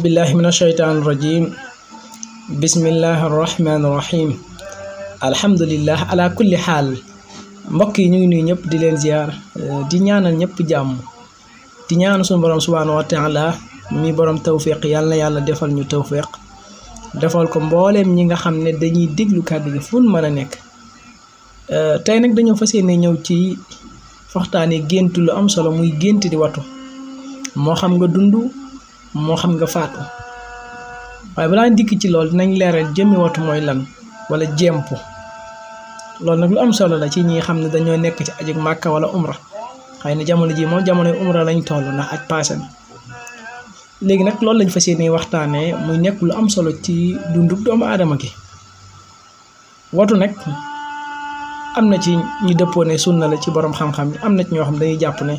أعوذ بالله من الشيطان الرجيم بسم الله الرحمن الرحيم الحمد لله على كل حال mbokk yi ñu ngi nuyu ñëpp di leen ziar eh, di ñaanal ñëpp jàmm di ñaanu suñu borom subhaanahu wa taala mi borom tawfiq yàlla na yàlla defal ñu tawfiq defal ko mbooleem ñi nga xam ne dañuy déglu kàddu gi fu mën a nekk eh, tey nag dañoo fas yéene ñëw ci waxtaane gént lu am solo muy gént di watu moo xam nga dund moo xam nga faatu waaye balaa dikk ci loolu dinañ leeral jëmmi watu mooy lan wala jempu loolu nag lu am solo la ci ñi xam ne dañoo nekk ci ajug màkka wala umra xëy na jamono ji moom jamono umra lañu toll ndax ak paase na léegi nag loolu lañ fas yéene waxtaanee muy nekk lu am solo ci dundub doomu aadama gi watu nag am na ci ñu dëppoo ne sunna la ci borom xam-xam yi am na ci ñoo xam dañuy jàpp ne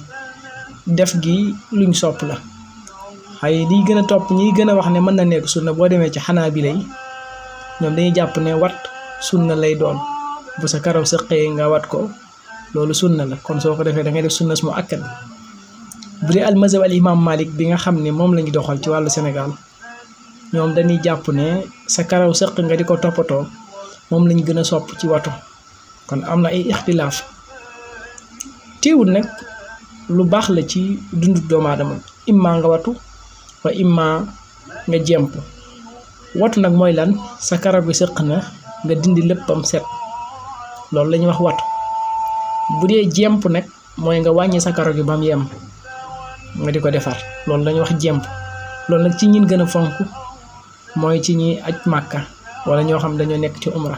def gi luñ sopp la waaye liy gën a topp ñiy gën a wax ne mën na nekk sunna boo demee ci xanaa bi lay ñoom dañuy jàpp ne wat sunna lay doon bu sa karaw sëqee nga wat ko loolu sunna la kon soo ko defee da ngay def sunna mu akkad bu dee almazhab al imam malik bi nga xam ni moom la ñu doxal ci wàllu Sénégal ñoom dañuy jàpp ne sa karaw sëq nga di ko toppatoo moom lañu gën a sopp ci watu kon am na ay ixtilaaf teewul nag lu baax la ci dundu doomu aadama nga watu fa imma nga jemp wat nak moy lan sa karab gi sëq na nga dindi leppam set lol lañ wax wat budé jemp nak moy nga wañi sa karab gi bam yem nga diko defar lol lañ wax jemp lol nak ci ñin gëna fonku moy ci ñi acc makka wala ño xam dañu nekk ci umra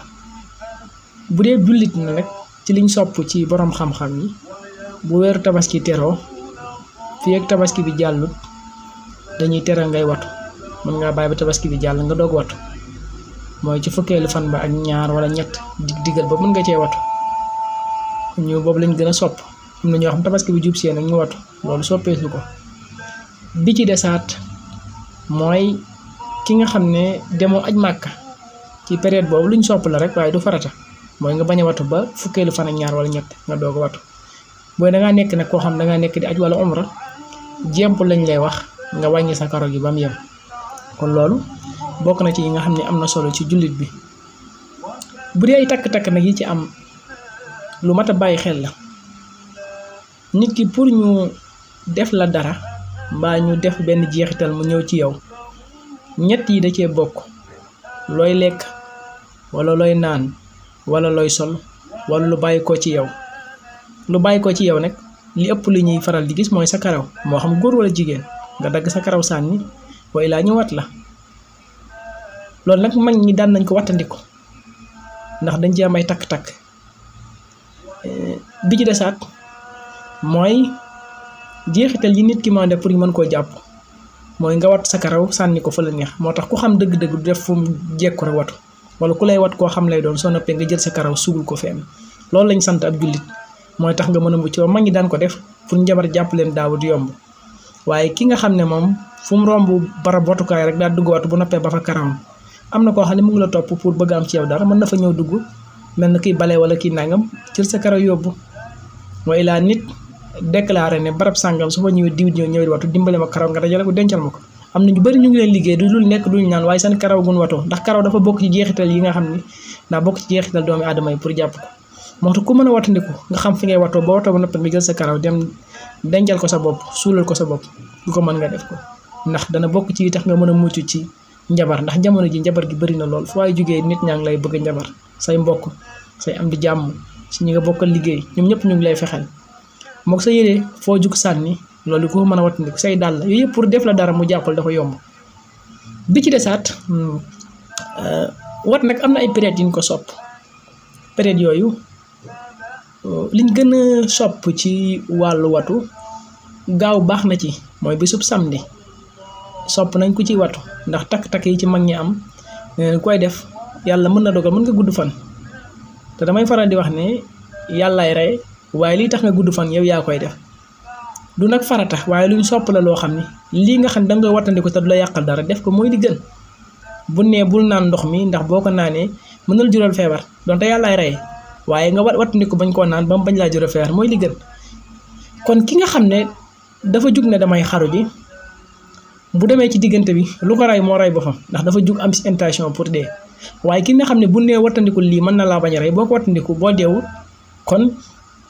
budé julit jullit na nag ci liñ sopp ci borom xam-xam ni bu wër tabaski téro fi ak tabaski bi dañuy téré ngay watu mën nga bay ba tabaski bi jall nga dog watu moy ci fukkeelu fan ba ak ñaar wala ñett dig digal ba mën nga ci watu ñu bobu lañu gëna sopp am ñoo xam tabaski bi jup seen ak ñu watu soppé su ko bi ci dessat moy ki nga xamné demo aj makka ci période bobu luñ sopp la rek waaye du farata moy nga baña a watu ba fukkeelu fan ak ñaar wala ñett nga dog a watu booy da nga nek nak ko xam da nga nek di aj wala omra jemp lañ lay wax nga wàññi sa karo gi ba mu yem kon loolu bokk na ci yi nga xam ne am na solo ci jullit bi bu dee takk-takk nag yi ci am lu mat a bàyyi xel la nit ki pour ñu def la dara mbaa ñu def benn jeexital mu ñëw ci yow ñett yi da cee bokk looy lekk wala looy naan wala looy sol wala lu bàyyi ko ci yow lu bàyyi ko ci yow nag li ëpp li ñuy faral di gis mooy sa karaw moo xam góor wala jigéen nga dagg sa karaw sànni waaye laa ñëwaat la loolu nag mag ñi daan nañ ko wattandiku ndax dañ ci am takk-takk eh, bi ci desaat mooy jeexital yi nit ki mandé pour ñu mën koo jàpp mooy nga wat sa karaw sànni ko fa la neex moo tax ku xam dëgg-dëgg du def fu mu jekku rek watu wala ku lay wat koo xam lay doon soo noppee nga jël sa karaw sugul ko fenn loolu lañ sant ab jullit mooy tax nga mën a mucc ba mag ñi daan ko def pour njabar jàpp leen daaw du yomb waaye ki nga xam ne moom fu mu romb barab watukaay rek daal dugg watu bu noppee ba fa karawam am na koo xam ne mu ngi la topp pour bëgg am ci yow dara mën na fa ñëw dugg mel na kiy bale wala kiy nangam cër sa karaw yóbbu mooy laa nit déclaré ne barab sàngam su fa ñëwee diw ñëw ñëw watu dimbale ma karaw nga dajale ko dencal ma ko am na ñu bëri ñu ngi leen liggéey du lu nekk duñu naan waaye seen karaw gun watoo ndax karaw dafa bokk ci jeexital yi nga xam ne daa bokk ci jeexital doomi aadama yi pour jàpp moo ko meuna mën a nga xam fi ngay wato ba wato ba noppi nga jël sa karaw dem denjal ko sa bop ko sa bop du ko man nga def ko ndax dana bok ci tax nga meuna muccu ci njabar ndax jamono ji njabar gi bari na lol fu way jógee nit ñaa ngi lay bëgg njabar say mbokk say am di jàmm ci ñi nga bokal liggey ñom ñep ñu ngi lay fexal mok sa yele fo jug sanni lolou ko meuna a say dal yoy pour def la dara mu jappal dafa yomb bi ci hmm, euh, wat nak amna ay période ko sop période yoyu Euh, liñ gën a sopp ci wàllu watu gaaw baax na ci mooy bisub samedi sopp nañ ko ci watu ndax tak tak yi ci mag ñi am euh, koy def yàlla mën na dogal mën nga gudd fan te damay faral di wax ne yàllaay rey waaye lii tax nga gudd fan yow yaa koy def du nag farata waaye luñ sopp la loo xam ne lii nga xam ne danga koy wattandiku te du la yàqal dara def ko mooy di gën bu nee bul naan ndox mi ndax boo ko naanee mënal jural feebar donte yàllaay rey waaye nga wat wattandiku bañ koo naan ba mu bañ laa jël mooy li gën kon ki nga xam ne dafa jug ne damay xaru ji bu demee ci diggante bi lu ko ray moo ray boppam ndax dafa jug am si intention pour dee waaye ki nga xam ne bu nee wattandiku lii mën na laa bañ a rey boo ko wattandiku boo deewul kon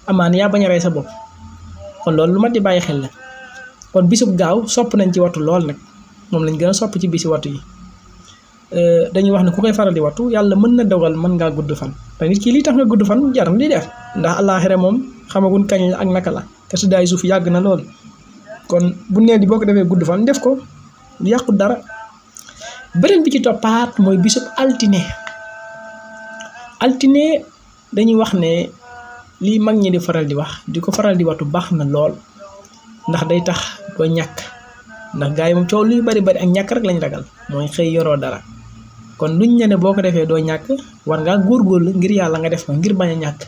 amaan yaa bañ a rey sa bopp kon loolu lu mat di bàyyi xel la kon bisub gaaw sopp nañ ci wattu lool nag moom lañ gën a sopp ci bisi wattu yi euh, dañuy wax ne ku koy faral di wattu yàlla mën na dogal mën ngaa gudd nit ki li tax nga gudd fan jar na def ndax alakhirah mom xamagun kañ ak naka la te su day suuf yag na lol kon bu nee di boko defé defee gudd fan def ko yàqu dara beneen bi ci topat moy bisub altine altine dañuy wax ne li mag ñi di faral di wax di ko faral di watu bax na lol ndax day tax do ñak ndax gaay mom ciow coow luy bari bari ak ñak rek lañ ragal moy xey yoro dara kon luñ ne boko defé do ñak war nga gor ngaa ngir yalla nga def ko ngir baña ñak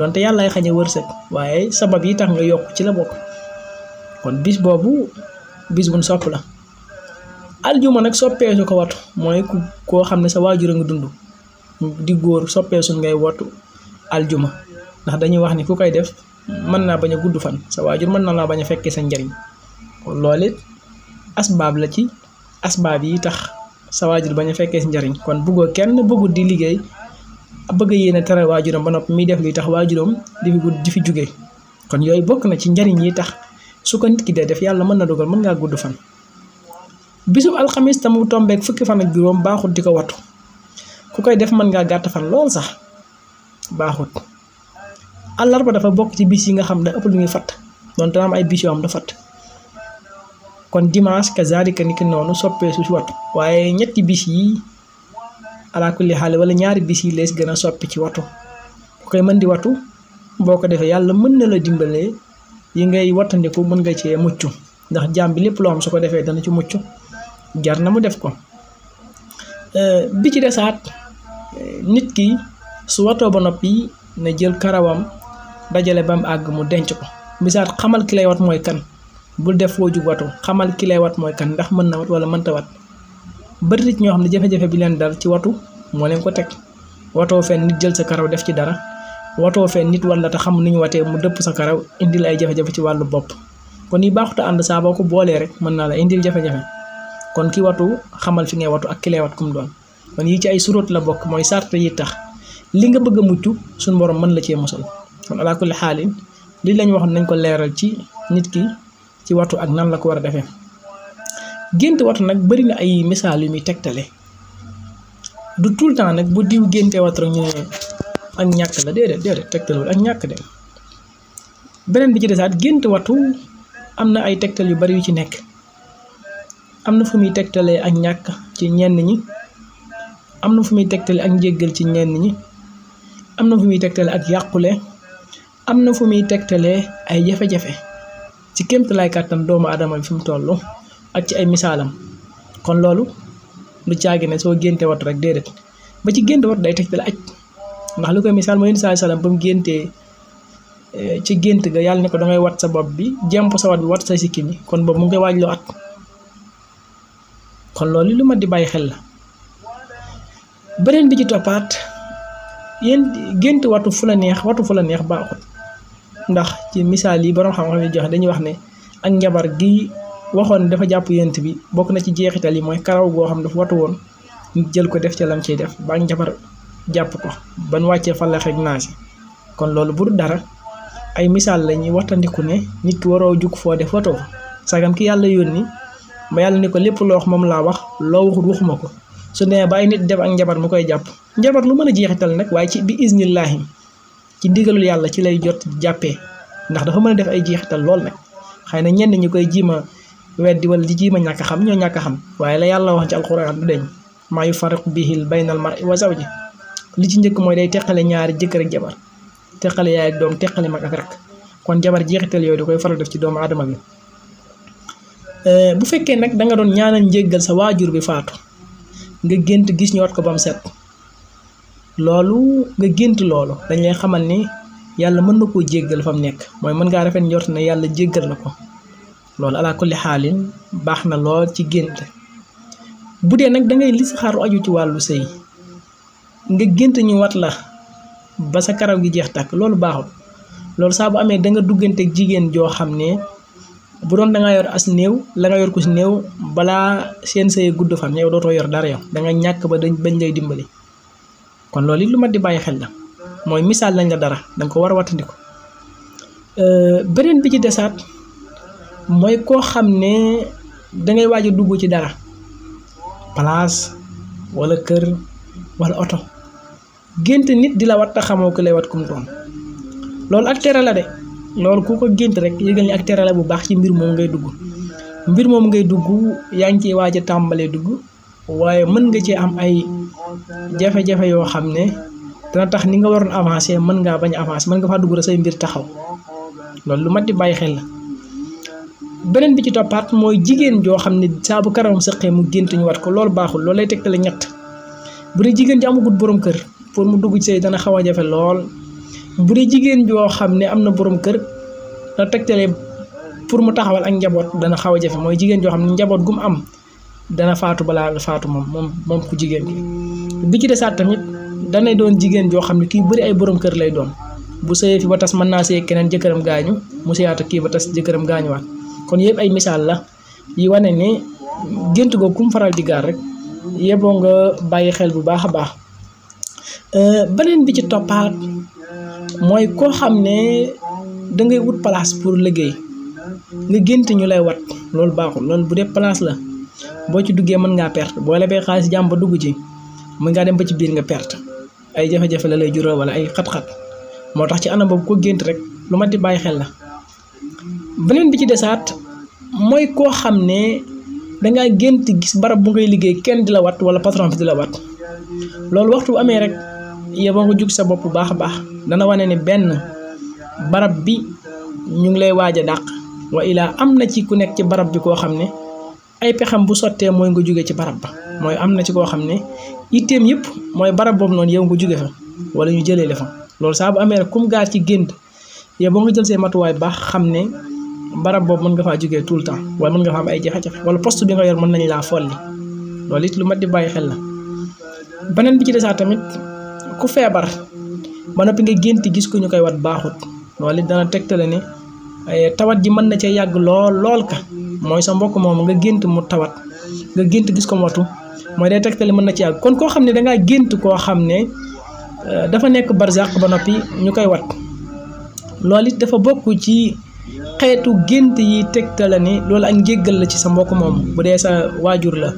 donte donte ay xañe wërsëg waye sabab yi tax nga yok ci la bok kon bis bobu bis buñ sopp la aljuma soppé su ko wat moy ku koo xam sa wajur nga dundu di soppé su ngay watu aljuma ndax dañuy wax ni ku koy def man na baña guddu fan sa wajur man na la baña a sa ndariñ kon asbab la ci asbab yi tax sa waajur ba ñu fekkee si njariñ kon bëggoo kenn bëggut di liggéey bëgg yéene tere waajuram ba noppi muy def li tax waajuram di fi gudd di fi jugee kon yooyu bokk na ci njariñ yi tax su ko nit ki dee def yàlla mën na dogal mën ngaa gudd fan. bisub alxamis tam mu tombeek fukki fan ak juróom baaxut di ko wattu ku koy def mën ngaa gàtt fan lool sax baaxut àllarba dafa bokk ci biis yi nga xam ne ëpp lu ñuy fatt doon dana am ay bis yoo am da fatt kon dimanche kazalika niki noonu soppeeku si wat waaye ñetti bis yi ala kulli xaal wala ñaari bis yi lees gën a soppi ci watu bu koy mën di watu boo ko defee yàlla mën na la dimbalee yi ngay wattandiku mën nga cee mucc ndax jaam bi lépp loo xam su ko defee dana ci mucc jar na mu def ko euh, bi ci desaat nit ki su watoo ba noppi na jël karawam dajale bam àgg mu denc ko bisaat xamal ki lay wat mooy kan bul def foo jug watu xamal ki wat mooy kan ndax mën na wat wala mënta wat bëri nit ñoo xam ne jafe-jafe bi leen dal ci watu moo leen ko teg watoo fenn nit jël sa karaw def ci dara watoo fen nit wala te xam nu ñu watee mu dëpp sa karaw la ay jafe-jafe ci wàllu bopp kon yi baaxut ànd saa boo ko boolee rek mën naa la indil jafe-jafe kon ki watu xamal fi ngay watu ak ki wat kum doon kon yi ci ay suróot la bokk mooy sart yi tax li nga bëgg a mucc suñu borom mën la cee mosal li lañ wax nañ ko leeral ci nit ki ci watu ak nan la ko war a defee gént watu nag bari na ay misaal yu muy tegtalee du tout le temps nag bu diw génte wattu rek ñu ak ñàkk la déedéet déedéet tegtalewul ak ñàkk de beneen bi ci desaat gént watu am na ay tegtal yu bari yu ci nekk am na fu muy tegtalee ak ñàkk ci ñenn ñi am na fu muy tegtale ak njéggal ci ñenn ñi am na fu muy tegtale ak yàqule am na fu muy tegtalee ay jafe-jafe ci laay kàttan doomu aadama bi fi mu toll ak ci ay misaalam kon loolu lu caagi ne soo génte wat rek déedéet ba ci génte wat day tegtal aj ndax lu koy misaal mooy saa salaam ba mu eh, ci gént ga yàlla ne ko dangay wat sa bopp bi jemp sa wat bi wat sa sikki bi kon boobu mu ngi koy waaj loo at kon loolu lu ma di bàyyi xel la beneen bi ci toppaat yéen gént watu fu la neex watu fu la neex baaxut ndax ci misaal yi borom xam-xam yi joxe dañuy wax ne ak njabar gi waxoon dafa jàpp yent bi bokk na ci jeexital yi mooy karaw goo xam dafa watu woon ñu jël ko def ca lam ciy def ba ak njabar jàpp ko ban wàccee fallax ak naasi kon loolu bu dul dara ay misaal la ñuy waxtandiku ne nit ki waroo jug foo def watoo sagam ki yàlla ni ba yàlla ni ko lépp loo wax moom laa wax loo waxut waxuma ko su ne ba ay nit def ak njabar mu koy jàpp njabar lu mën a jeexital nag waaye ci bi isnillahi ci ndigalul yàlla ci lay jot jàppee ndax dafa mën a def ay jeexital lool nag xëy na ñenn ñi koy jiima weddi wala di jiima ñàkk xam ñoo ñàkk xam waaye la yàlla wax ci alxuraan du deñ maa yufarriqu bihi bayna al mar'i wa zawji li ci njëkk mooy day teqale ñaari jëkkër ak jabar teqale yaay ak doom teqale mag ak rak kon jabar jeexital yooyu da koy faral def ci doomu aadama bi euh, bu fekkee nag danga doon ñaanal njégal sa waajur bi faatu nga gént gis ñu wat ko ba mu set loolu nga gént loolu dañ lay xamal ni yàlla mën na koo jéggal fa mu nekk mooy mën ngaa rafet njort na yàlla jéggal na ko loolu ala kulli baax na lool ci gént bu dee nag da ngay listixaaru aju ci wàllu sëy nga gént ñu wat la ba sa karaw gi jeex tàkk loolu baaxul loolu saa bu amee da nga dugganteeg jigéen joo xam ne bu doon da yor as néew la nga yor ko si néew balaa seen sëye gudd fan yow dootoo yor dara yow da nga ñàkk ba dañ bañ lay dimbali. kon loolu lu mat di bàyyi xel la mooy misaal lañ la dara danga ko war a wattandiku euh, beneen bi ci desaat mooy koo xam ne dangay waaj a dugg ci dara palaas walla kër wala oto gént nit di la wat taxamoo xamoo lay wat kum doon loolu ak tere la de loolu ku ko gént rek yëgal ni ak tere la bu baax ci mbir moom ngay dugg mbir moom ngay dugg yaa ngi ciy waaj a tàmbalee dugg waaye mën nga cee am ay jafe-jafe yoo xam ne dana tax ni nga waroon avancer mën ngaa bañ a avancer mën nga faa dugg rek say mbir taxaw loolu lu mat di bàyyi xel la beneen bi ci toppaat mooy jigéen joo xam ne saabu bu karamam sëqee mu gént ñu wat ko loolu baaxul loolu lay tegtale ñett bu dee jigéen ji amagut borom kër pour mu dugg ci say dana xaw a jafe lool bu dee jigéen joo xam ne am na borom kër dana tegtale pour mu taxawal ak njaboot dana xaw a jafe mooy jigéen joo xam ne njaboot gu mu am. dana faatu balaa faatu moom moom moom ku jigéen ki bi ci desaat tamit danay doon jigéen joo xam ne kii bëri ay boroom kër lay doon bu sëyee fi ba tas mën naa sëy keneen jëkkëram gaañu mu sëyaat kii ba tas jëkkëram gaañuwaat kon yëpp ay misaal la yi wane ne gént ko kum faral di gaar rek yeboo nga bàyyi xel bu baax a baax euh, beneen bi ci toppaat mooy koo xam ne dangay wut place pour liggéey nga gént ñu lay wat loolu baaxul loolu bu dee place la. bo ci duggé pert, nga perte bo lebee xaliss jamm ba dugg ci mën nga dem ba ci biir nga perte ay jafé jafé la lay jural wala ay xat-xat motax ci anam bob ko gënt rek lu di bay xel la benen bi ci desaat moy ko xamné da nga gënt gis barab bu ngay liggé kenn dila wat wala patron fi dila wat loolu waxtu bu rek ya ba nga jug sa bop bu baax baax dana wané ni benn barab bi ñu ngi lay waja dak wa ila amna ci ku nek ci barab bi ko xamne ay pexam bu sottee mooy nga jóge ci barab ba mooy am na ci koo xam ne itteem yëpp mooy barab boobu noonu yow nga jóge fa wala ñu jëlee la fa loolu saa bu amee rek kum gaar ci gént yow boo nga jël see matuwaay baax xam ne barab boobu mën nga faa jógee tout le temps wala mën nga fa am ay jafe-jafe wala poste bi nga yor mën nañu laa folli loolu it lu mat di bàyyi xel la beneen bi ci desaa tamit ku feebar ba noppi nga gént gis ko ñu koy wat baaxut loolu it dana tegtale ne Eh, tawat ji mën na cee yàgg lool lool ka mooy sa mbokk moom nga gént mu tawat nga gént gis ko motu mooy day tegtali mën na ci yàgg kon koo xam ne dangaa gént koo xam ne eh, dafa nekk barzaq ba noppi ñu koy wat loolu it dafa bokk ci xeetu gént yi tegtala ni loolu ak njéggal la ci sa mbokk moom bu dee sa waajur la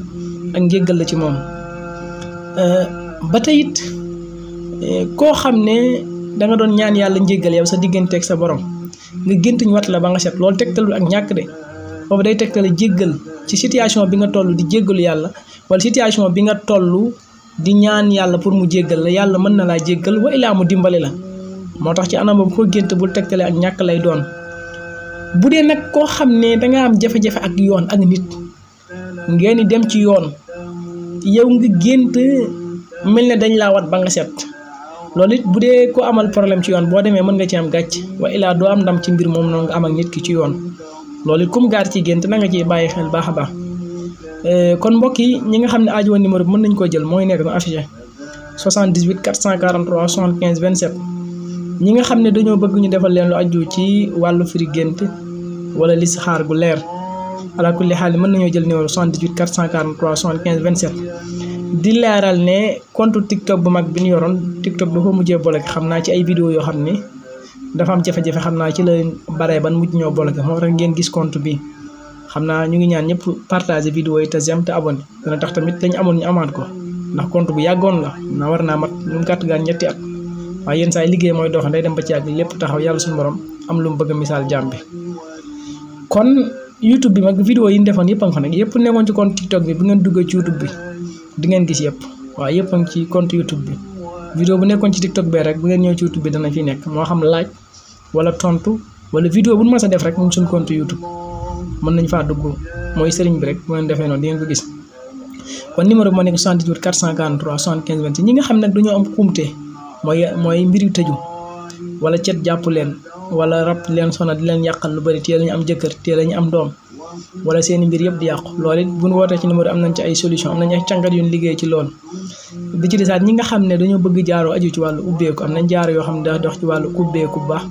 ak njéggal la ci moom eh, ba tey koo xam ne danga doon ñaan yàlla njéggal yow sa diggante ak sa borom nga gént ñu wat la ba nga set loolu tegtalu ak ñàkk de foofu day tegtale jéggal ci situation bi nga toll di jéggalu yàlla wala situation bi nga tollu di ñaan yàlla pour mu jéggal la yàlla mën na laa jéggal wa ilaa mu dimbali la moo tax ci anam bu ko gént bul tegtale ak ñàkk lay doon bu dee nag koo xam ne danga am jafe-jafe ak yoon ak nit ngeen di dem ci yoon yow nga gént mel ne dañ laa wat ba nga set loolu it bu dee ko amal problème ci yoon boo demee mën nga ci am gàcc wa ilaa doo am ndam ci mbir moom noonu nga am ak nit ki ci yoon lool it kum gaar ci gént na nga ciy bàyyi xel baax a euh, kon mbokk yi ñi nga xam ne aajo woon bi mën nañ koo jël mooy nekk nu affiché 78 443 75 ñi nga xam ne dañoo bëgg ñu defal leen lu aju ci wàllu firi gént wala listixaar gu leer alaakulli xaal mën nañoo jël numéro 78 443 75 di laaral ne compte TikTok bu mag bi ñu yoroon TikTok ko mujjee bloqué xam naa ci ay vidéo yoo xam ni dafa am jafe-jafe xam naa ci la baree ban mujj ñoo bloqué moo tax ngeen gis compte bi xam naa ñu ngi ñaan ñëpp partage vidéo yi te j'aime te abonné dana tax tamit dañ amoon ñu amaat ko ndax compte bu yàggoon la na war naa mat ñu gàtt gaan ñetti at waaye yenn saa yi liggéey mooy doxan day dem ba ci àgg lépp taxaw yàlla suñu borom am lu mu misaal jàmm bi kon YouTube bi mag vidéo yi ñu defoon yëpp bi bu ngeen duggee ci YouTube bi di ngeen gis yëpp waa yëpp a ci compte YouTube bi vidéo bu nekkoon ci TikTok bee rek bu ngeen ñëw ci YouTube bi dana fi nekk moo xam laaj wala tontu wala vidéo bu nu mës a def rek mu ngi suñu compte YouTube mën nañ faa dugg mooy sëriñ bi rek bu ngeen defee noonu di ngeen ko gis kon numéro bi moo nekk 78 443 75 26 ñi nga xam nag dañoo am kumte mooy mooy mbir yu tëju wala cet jàpp leen wala rab leen sona di leen yàqal lu bari teel a ñu am jëkkër teel a ñu am doom wala seen mbir yëpp di yàqu lool it bu ñu wootee ci numéro am nañ ci ay solution am nañ ay càngat yu ñu liggéey ci loolu di ci saat ñi nga xam ne dañoo bëgg jaaroo aju ci wàllu ubbeeku am nañ yoo xam ne da dox ci wàllu ubbeeku baax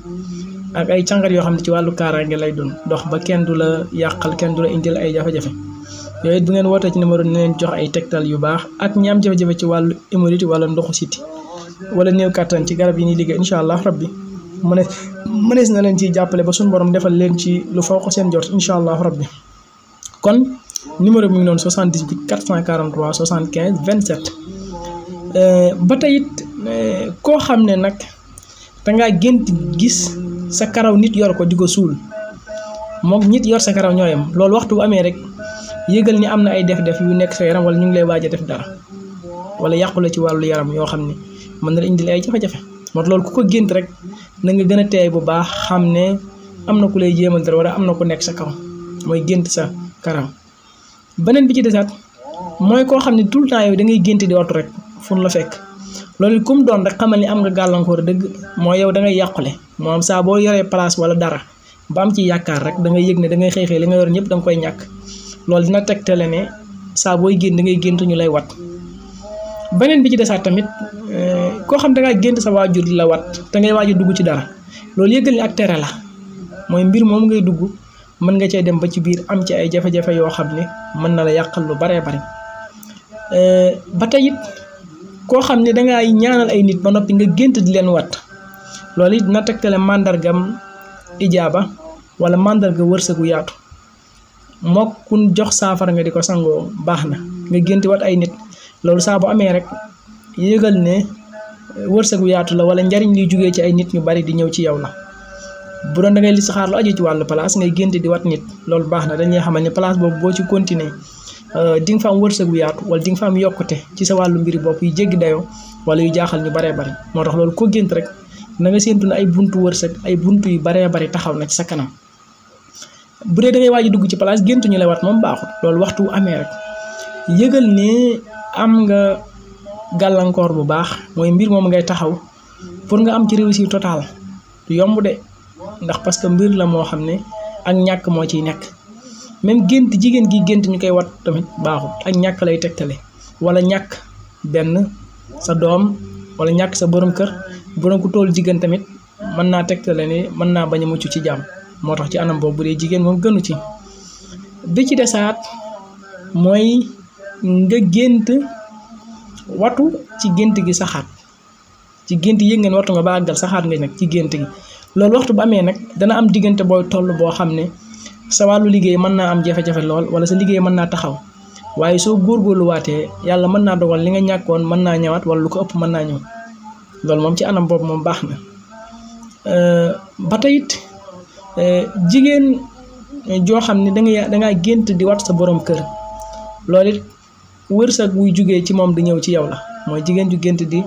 ak ay càngat yoo xam ne ci wàllu kaaraange lay doon dox ba kenn du la yàqal kenn du la indil ay jafe-jafe yooyu bu ngeen wootee ci numéro ne leen jox ay tegtal yu baax ak ñi am jafe-jafe ci wàllu hémorroïde wala ndoxu siti wala néew kàttan ci garab yi ñuy liggéey incha allah mënees mënees na leen ci jàppale ba suñu boroom defal leen ci lu faw ko seen jot incha allah rabbi kon numéro bi mu ngi noonu 78 443 75 27 ba tey euh, koo xam ne nag dangaa gént gis sa karaw nit yor ko di ko suul moom nit yor sa karaw ñooyam loolu waxtu amee rek yëgal ni am na ay def-def yu nekk sa yaram wala ñu ngi lay waaj a def dara wala yàqu la ci wàllu yaram yoo xam ne mën na la indil ay jafe-jafe. moo loolu ku ko gént rek na nga gën a teey bu baax xam ne am na ku lay jéemal dara wala am na ku nekk sa kaw mooy gént sa karaw beneen bi ci desaat mooy koo xam ne tout le temps yow dangay ngay gént di wattu rek fu la fekk loolu comme doon rek xamal ni am nga gàllankoor dëgg mooy yow da yàqule moo am saa boo yoree place wala dara ba am ci yaakaar rek da ngay yëg ne da ngay xëy xëy li nga yor ñëpp danga koy ñàkk loolu dina tegtale ne saabooy booy génn da ngay gént ñu lay wat benen bi ci desaat tamit eh, ko xam da nga genn sa wajur la wat da ngay waajur dugg ci dara lolou yeggal ni ak tere la moy mbir mom ngay dugg man nga cey dem ba ci bir am ci ay jafé jafé yo xam man na la yakal lu bare euh ba tayit ko koo da ne ñaanal ay nit ba nopi nga genn di len wat lolou na tegtale màndargam ijaba wala wërsegu yaatu kun jox safar nga diko sango baxna nga genti wat ay nit loolu sa bu amé rek né ne wërsëgu yaatu la wala njariñ li juggé ci ay nit ñu bari di ñëw ci yow la bu doon da ngay saxar lu aji ci walu place ngay gënd di wat nit loolu baax na dañuy xamal ne place bobu bo ci continuer euh, di nga fa am wërsëgu yaatu wala di nga fa am ci sa walu mbiri bop yu jéggi dayo wala yu jaaxal ñu bari bari motax tax ko gënd rek na nga sentu ay buntu wërsëg ay buntu yu bari bari taxaw na ci sa kanam bu dee da ngay waji dugg ci place gëntu ñu lay wat mom baaxul waxtu amé rek yëgal ne am nga galankor bu baax moy mbir mom ngay taxaw pour nga am ci réussite total, du yomb de ndax parce que mbir la mo xam ak ñak mo ci nekk même gënt jigen gi gënt ñukay wat tamit baaxu ak ñak lay tegtale wala ñak sadom, sa dom wala ñak sa borom kër borom ku tol jigen tamit man na tegtale ni man na baña mucc ci jàmm motax ci anam bobu bu jigen jigéen gënu ci bi ci desaat moy nga gént watu ci gént gi saxaat ci gént yëg ngeen watu nga ba àggal saxaat nga nag ci gént gi loolu waxtu ba amee nag dana am diggante booy toll boo xam ne sa wàllu liggéey mën naa am jafe-jafe lool wala sa liggéey mën naa taxaw waaye soo góorgóorluwaatee yàlla mën naa dogal li nga ñàkkoon mën naa ñëwaat wala lu ko ëpp mën naa ñëw loolu moom ci anam boobu moom baax na ba tey jigéen joo xam ne da nga gént di wat sa boroom kër loolu it wërsëg wuy jugee ci mom di ñëw ci yow la moy jigen ju gënt di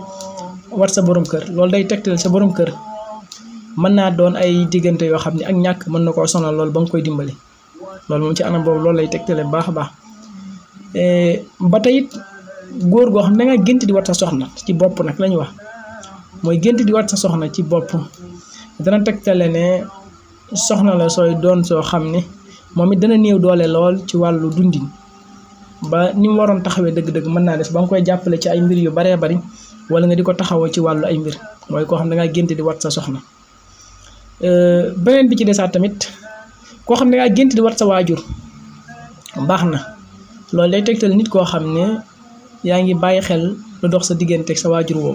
war sa borom kër lool day tektal sa borom kër man na doon ay digënté yo xamni ak ñak man nako sonal lool bang koy dimbali lool moom ci anam boobu lool lay tektalé baax baax euh ba tayit goor go xamna nga gënt di war sa soxna ci bop nak lañ wax moy gënt di war sa soxna ci dana tektalé ne soxna la soy doon so xamni momi dana néew doole lool ci walu dundin ba ni mu waroon taxawee deug dëgg mën naa des ba koy jappalé ci ay mbir yu baree bari wala nga diko ko ci walu ay mbir moy ko xam nga genti di wat sa soxna euh, benen bi ci dessa tamit ko xam nga genti di wat sa wajur baxna lolé loolu nit ko xamné yaangi yaa xel lu dox sa digenté sa wajur wo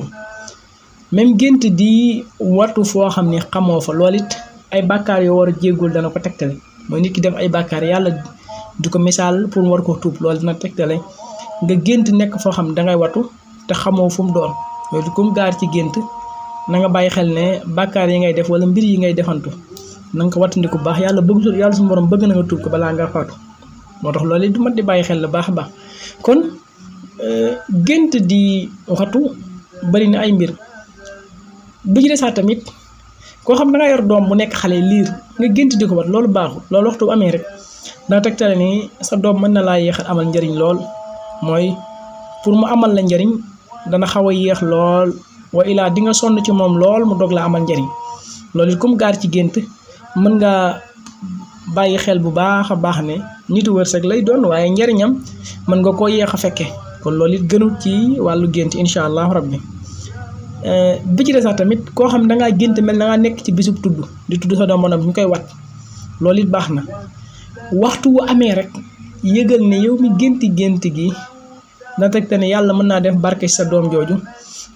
même genti di watu fo xamné xamofa lolit ay bakkar yo wara djegul dana ko tektal moy nit ki def ay bakkar yalla di ko misaal pour mu war ko tuub loolu dina tegtale nga gént nekk foo xam dangay watu te xamoo fu mu doon loolu comme gaar ci gént na nga bàyyi xel ne bàkkaar yi ngay def wala mbir yi ngay defantu na nga ko wattandiku bu baax yàlla bëgg yàlla suñu borom bëgg na nga tuub ko balaa nga moo tax loolu du mat di bàyyi xel la baax a kon euh, gént di watu bari na ay mbir bi ci desaat tamit koo xam da yor doom bu nekk xale liir nga gént di ko wat loolu baaxul loolu waxtu amee rek. daa tegtale ni sa doom man na la yéex amal njariñ lool moy pour mu amal la njariñ dana xawa a lool wa ila di nga sonn ci mom lool mu dog la amal njariñ loolu it comme ci gent man nga bayyi xel bu baax a baax ne nitu wërsek lay doon waye njariñam man nga ko yex a fekke kon loolu it gënul ci walu gent inshallah allah euh bi ci des tamit ko xam da nga gént mel na nga nekk ci bisub tuddu di tuddu sa doom bonam ñu wat loolu it baxna waxtu wu amee rek yëgal ne yow mi gént gént gi na teg te ne yàlla mën naa def barke sa doom jooju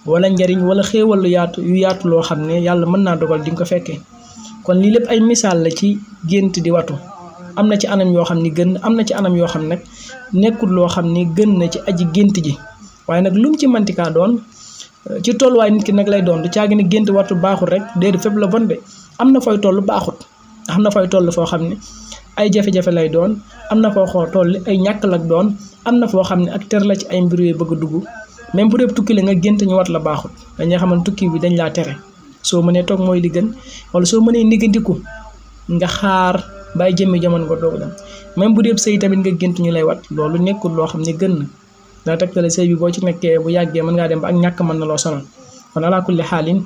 wala njariñ wala xéewal yaatu yu yaatu loo xam ne yàlla mën naa dogal di nga ko fekke kon lii lépp ay misaal la ci gént di watu am na ci anam yoo xam ni gën am na ci anam yoo xam ne nag nekkul loo xam ne gën na ci aji gént ji waaye nag lu ci mantikaa doon eh, ci tolluwaay nit ki nag lay doon du caagi ne gént watu baaxul rek déedéet fépp la bon bi am na fooy toll baaxut na toll foo xam ne ay jafe-jafe lay doon am na foo xoo toll ay ñàkk la doon am na foo xam ne ak ter la ci ay mbir yooyu bëgg a dugg même bu dee tukki la nga gént ñu wat la baaxut dañuy xaman tukki bi dañ laa tere soo mënee toog mooy li gën wala soo mënee niggandiku nga xaar bàyyi jëmmi jamono nga doog dem même bu dee sëy tamit nga gént ñu lay wat loolu nekkul loo xam ne gën na daa tegtale sëy bi boo ci nekkee bu yàggee mën ngaa dem ba ak ñàkk mën na loo sonal kon alaakulli xaalin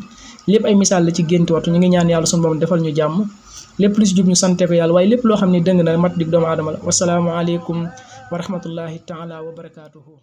lépp ay misaal la ci gént waxtu ñu ngi ñaan yàlla sunu borom defal ñu jàmm lépp lu si jub ñu sante ko yàlla waaye lépp loo xam ne dëng na mat dig doomu aadama la wasalaamaaleykum wa rahmatullahi taala wa barakaatuhu